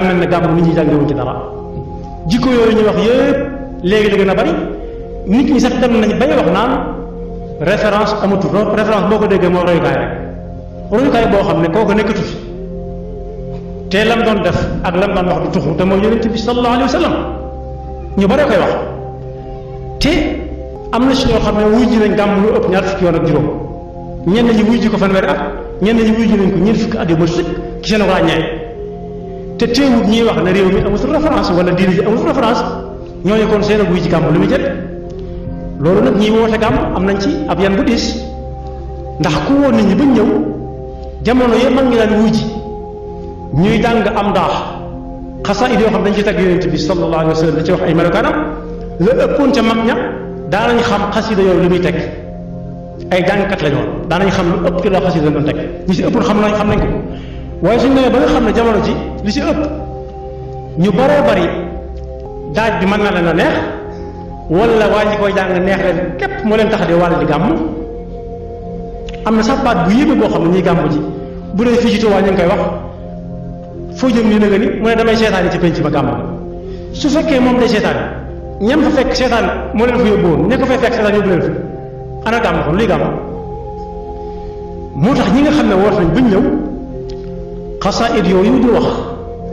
mel na gàmm nit ñi jàngewuñ ci dara jikko yooyu ñuy wax yëpp léegi la gën a bari nit ñi sax dem nañ bay wax naan référence amatul référence boo ko déggee mooy royukaay rek royukaay boo xam ne kooku nekkatu fi te lam doon def ak lam doon wax du tuxu te mooy yonent bi sallallahu alayhi wa sallam ñu bare koy wax te am na si ñoo xam ne wuy ji nañ gàmm lu ëpp ñaar fukki yoon ak juróom ñenn ñi wuy ji ko fanweeri at ñenn ñi wuy ji nañ ko ñeent fukki at yu ba ci seen ràññee te teewut ñuy wax ne réew mi amul référence wala diine ji amul référence ñooñu kon seen guy ci gàmm lu muy jël loolu nag ñiy woote gàmm am nañ ci ab yan bu ndax ku woon nit ñi bañ ñëw jamono yëpp mag ngi daan wuy ji ñuy jàng am daax xasaayid yoo xam ci tagg yonent bi sallallahu alayhi ci wax ay melokaanam la ëppoon ca mag ña daanañ xam xasida yow lu muy teg ay jàngkat la ñu woon daanañ xam lu ëpp ci la xasida doon teg ñi si ëppoon xam nañ xam nañ ko waaye suñ demee ba nga xam ne jamono ji li ci ëpp ñu baree bari daaj bi mën naa leen a neex wala waa ji koy jàng neex leen képp moo leen tax di wàll di gàmm am na sax baat bu yéeme boo xam ne ñuy gàmm ji bu dee fii ci Tuubaa ñu ngi koy wax foo jëm ñu ne ni mu damay seetaan ci penc ba gàmm su fekkee moom day seetaan ñam fa fekk seetaan moo leen fa yóbbu woon ne ko fay fekk seetaan yóbbu leen fa ana gàmm kon luy gàmm moo tax ñi nga xam ne woote nañ buñ ñëw. قصائد يويود وخ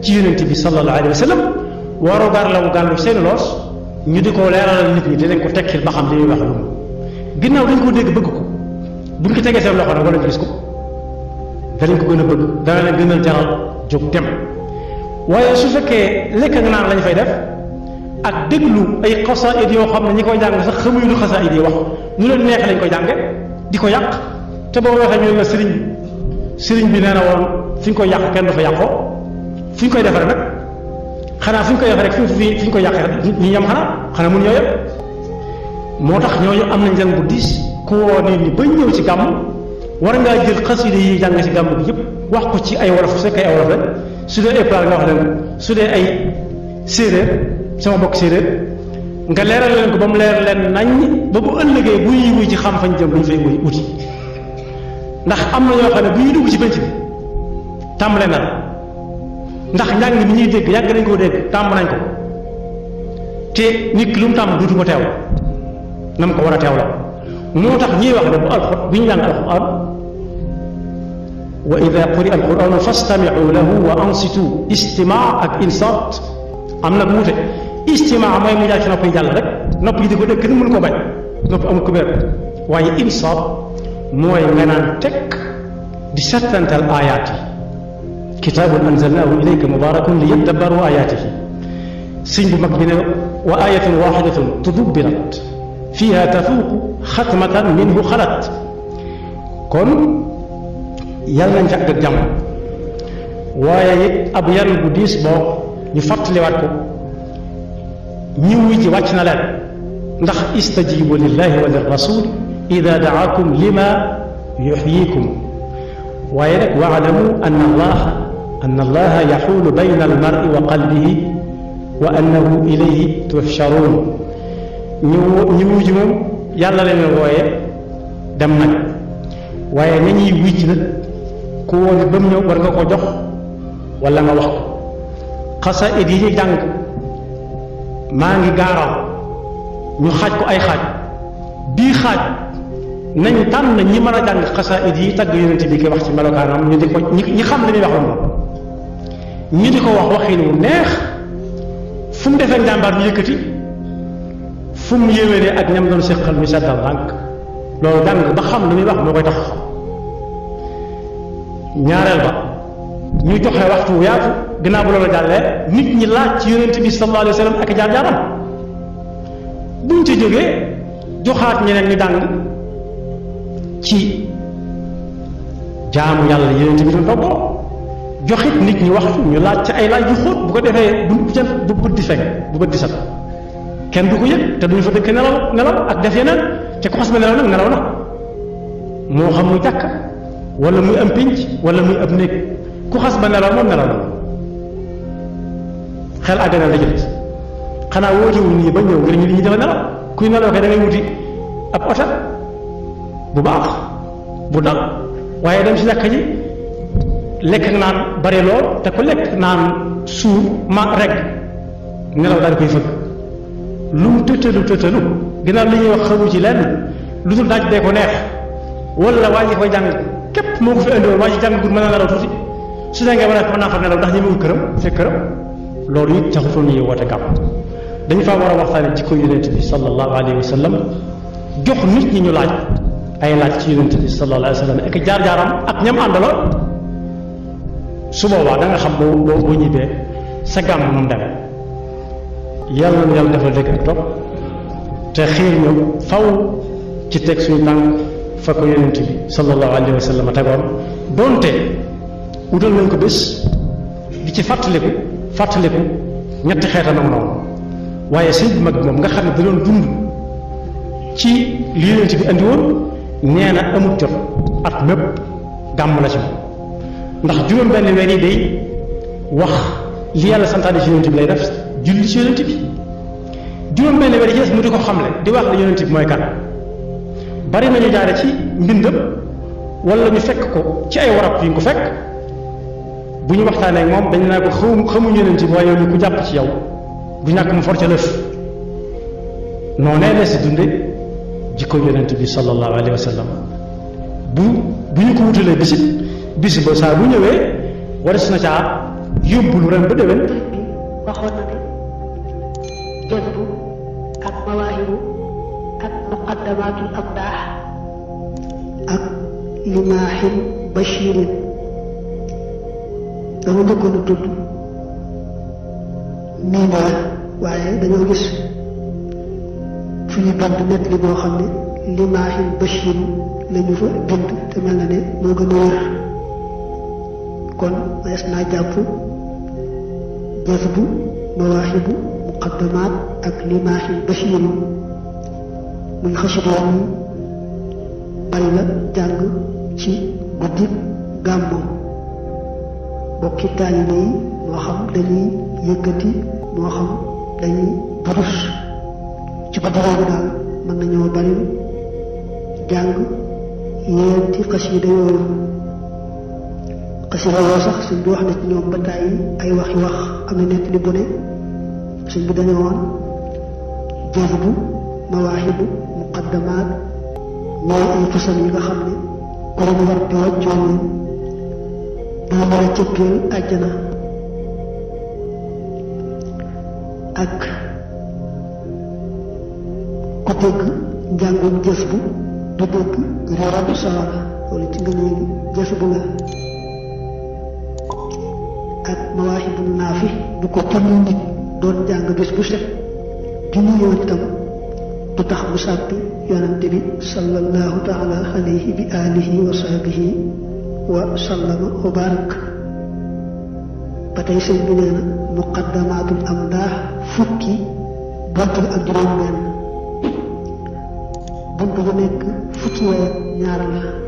تيون انت بي صلى الله عليه وسلم وارو بار لو قال له سين لوس ني ديكو ليرا لا نيت ني دين كو تكيل با خام دي واخ لو غيناو دنجو ديغ بوكو بونكو تيغي سام لوخو ولا جيسكو دارين كو غنا بوك دارا لا جوك تيم وايا سو فك ليك نان لا نفاي داف اك ديغلو اي قصائد يو خام ني كو جانغ سخ خمو يو قصائد يو واخ ني لا لا نكو جانغ ديكو ياق تبو واخ ني لا سيرين سيرين بي نانا وون fi ñu koy yàq kenn dafa yàqoo fi ñu koy defaree nag xanaa fi ñu koy defaree rek fi fi ñu koy yàqee ñu yem xanaa xanaa mun ñoo yem moo tax ñooñu am nañ njàng bu diis ku woo ba ñëw ci gàmm war ngaa jël xasida yi jàng ci bi yëpp wax ko ci ay wolof su su dee ay pulaar nga wax leen su dee ay séeréer sama bokk séeréer nga leeral leen ko ba mu leer leen nañ ba bu ci xam jëm duñ ndax am na ñoo xam ne bu ñuy dugg ci penc bi tàmbale na ndax njàng mi ñi dégg yag nañ ko dégg tàmb nañ ko te nit ki lu tam du duutu ko tew nam ko wara tew la motax ñi wax ne bu alxur bi ñu jàng alxuraan wa idha quri alquranu fastami'u lahu wa ansitu istima' ak insat amna nag wuute istima' moy mu jaar ci nopp jàll rek nopp yi di ko dégg kenn mënu ko bañ nopp am ko bér waye insat moy nga naan tekk di satantal ayati كتاب أنزلناه إليك مبارك ليدبروا آياته سنج مكبنة وآية واحدة تدبرت فيها تفوق ختمة منه خلت كن يلا نجعل الجمع وآية أبيان قديس بو يفقت لواتكو نيويجي واتنا لك نخ استجيبوا لله وللرسول إذا دعاكم لما يحييكم وعلموا أن الله أن الله يحول بين المرء وقلبه وأنه إليه تحشرون ني وجم يالا لا نوي دم نك واي ني ويج نك كو وني بام نيو بار نكو جوخ ولا ما واخ قصائد يي دانك ماغي غارا ني خاج كو اي خاج بي خاج نان تان ني مانا دانك قصائد يي تاغ يونتي بي كي واخ سي ملوكانام ني ديكو ني خام لي واخون ñi di ko wax waxin wu neex fu mu defee njàmbaar ñu yëkkati fu mu ak ñam doon seqal muy seddal lànk loolu jàng ba xam lu muy wax moo koy tax xam ñaareel ba ñu joxe waxtu wu yaatu gannaaw bu loolu jàllee nit ñi laaj ci yonent bi sallallahu alayhi wa sallam ak jaar-jaaram buñ ci jógee joxaat ñeneen ñu dàng ci jaamu yàlla yonent bi doon toppoo joxit nit ñi wax ñu laaj ci ay laaj yu xóot bu ko defee bu jant bu bët di fekk bu ko di kenn du ko yëg te duñu fa dëkk nelaw nelaw ak def yeneen ca ko xas ba nelaw nag nelaw na moo xam muy jàkk wala muy am pinc wala muy ab néeg ku xas ba nelaw moom nelaw na xel àggana la jëlit xanaa woo jiwu nii ba ñëw ngir ñu li ñuy dafa nelaw kuy nelaw kay da ngay wuti ab oto bu baax bu dal waaye dem si jàkka ji lekk naan bari lool te ku lekk naan suur ma rek nelaw daal koy fëgg lu mu tëtalu tëtalu ginnaaw li ñuy wax xamu ci lenn lu dul daaj bee ko neex wala waa ji koy jàng képp moo ko fi indiwoon waa ji jàng gudd mën na nelaw tuuti su dee nga mën a mën naa fa nelaw ndax ñemewul këram fekk këram loolu it taxutoon ñuy woote gàpp dañu faa war a waxtaane ci ko yonent bi sallallahu alayhi wa sallam jox nit ñi ñu laaj ay laaj ci yonent bi sallallahu ak jaar-jaaram ak ñam àndaloo su boobaa da xam boo boo boo ñibbee sa gàmm moom deme yàlla na yàlla defal dëkk ak topp te xiir ñu faw ci teg suñu tànk fa ko yonent bi sallallahu ci fàttaliku ñetti xeetam ak noonu waaye sëñ bi mag moom nga xam ne da doon dund ci li yonent bi andi nee na amut jot at mépp gàmm la ci moom ndax juróom benn weer yi day wax li yàlla santaane ci yonent bi lay def julli ci yonent bi juróom benn weer yi des mu di ko xamle di wax la yonent bi mooy kan bari nañu jaare ci mbindam wala ñu fekk ko ci ay warab yu ñu ko fekk bu ñu waxtaanee ak moom dañ naa ko xamu xamu yonent bi waaye ñu ku jàpp ci yow bu ñàkk mu for ca lëf noonee la si dunde jikko yonent bi sallallahu alayhi wa sallam bu bu ñu ko wutalee bisit bis ba sa bu ñëwee waris na ca yobul ren ba déwén waxoon na ne jënd ak mawaahibu ak muqaddamatul abdaax ak limaaxin bashir dama bëggoon a tudd nee naa waaye dañoo gis fu ñu band nett li boo xam ne bashir fa bind te mel na ne moo gën a kon manees naa jàpp jazbu mawaahibu muqaddamaat ak limaahi basiiru muy xasidoom bari la jàng ci guddi gàmmu bokki taalibe moo xam dañuy yëkkati moo xam dañuy burus ci ba boobu daal mën nañoo bari jàng yéenti xasida yooyu xasida yoo sax sëñ bi wax na ci ñoom ba tàyyi ay waxi wax am na nekk li bu ne sëñ bi dañu woon jazbu mawaahibu muqaddamaat ñooy ay fësal yi nga xam ne ku leen war di wàccoo ñoom dana mën a cëppeel àjjana ak ku dégg njàngum jazbu du dégg reeratu sawara wala ci nga ñëw jazbu la ak mawahibun nafi bu ko tanu nit doon jàng bis bu set di nuyoo itam du tax mu sàpp yonante bi sallallahu taala alayhi bi alihi wa sahbihi wa sallama wa barak ba tey sëñ bi nee na muqaddamatul amdaax fukki bant ak juróom benn bunt bu nekk fukki weer ñaara la